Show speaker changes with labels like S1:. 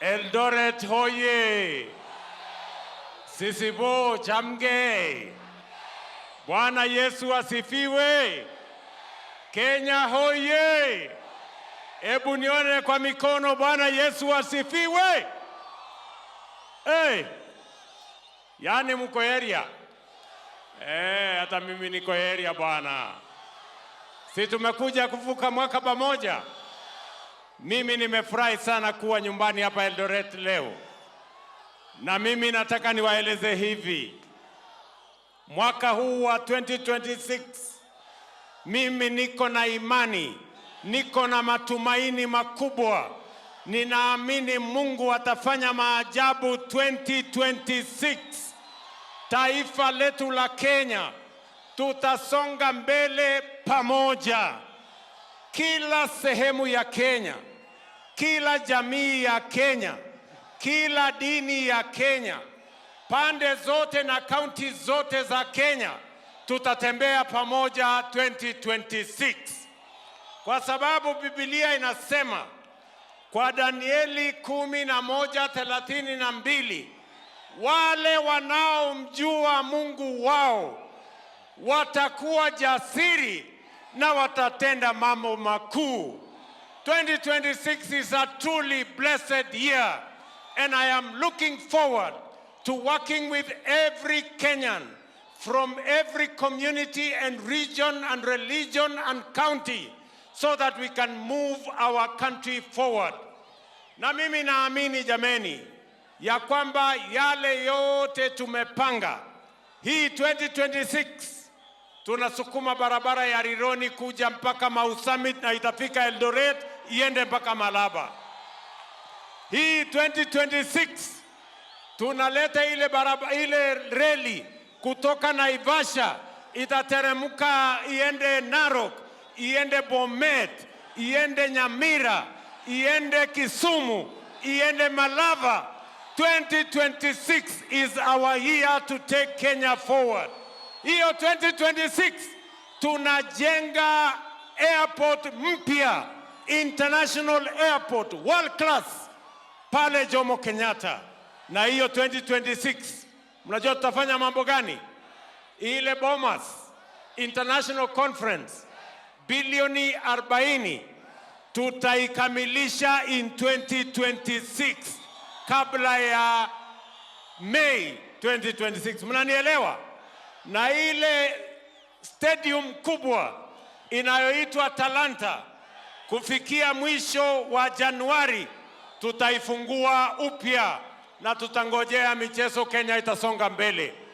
S1: Eldoret hoye! Sisibo chamge! Bwana Yesu asifiwe! Kenya hoye! ebu nione kwa mikono. Bwana Yesu asifiwe! Hey. Yaani mko area hey, eh, hata mimi niko area bwana, si tumekuja kuvuka mwaka pamoja. Mimi nimefurahi sana kuwa nyumbani hapa Eldoret leo, na mimi nataka niwaeleze hivi, mwaka huu wa 2026 mimi niko na imani, niko na matumaini makubwa. Ninaamini Mungu atafanya maajabu 2026. Taifa letu la Kenya tutasonga mbele pamoja kila sehemu ya Kenya, kila jamii ya Kenya, kila dini ya Kenya, pande zote na kaunti zote za Kenya, tutatembea pamoja 2026 kwa sababu Biblia inasema kwa Danieli kumi na moja thelathini na mbili wale wanaomjua Mungu wao watakuwa jasiri na watatenda mambo makuu.
S2: 2026 is a truly blessed year and I am looking forward to working with every Kenyan from every community and region and religion and county so that we can move our country forward.
S1: Na mimi naamini jameni, ya kwamba yale yote tumepanga hii 2026 tunasukuma barabara ya Rironi kuja mpaka Mau Summit na itafika Eldoret iende mpaka Malaba. Hii 2026 tunaleta ile baraba, ile reli kutoka Naivasha itateremka iende Narok, iende Bomet, iende Nyamira, iende Kisumu, iende Malava. 2026 is our year to take Kenya forward hiyo 2026 tunajenga airport mpya, international airport world class pale Jomo Kenyatta. Na hiyo 2026 mnajua tutafanya mambo gani? Ile Bomas International Conference bilioni 40 tutaikamilisha in 2026 kabla ya Mei 2026. Mnanielewa? na ile stadium kubwa inayoitwa Talanta kufikia mwisho wa Januari tutaifungua upya na tutangojea michezo Kenya itasonga mbele.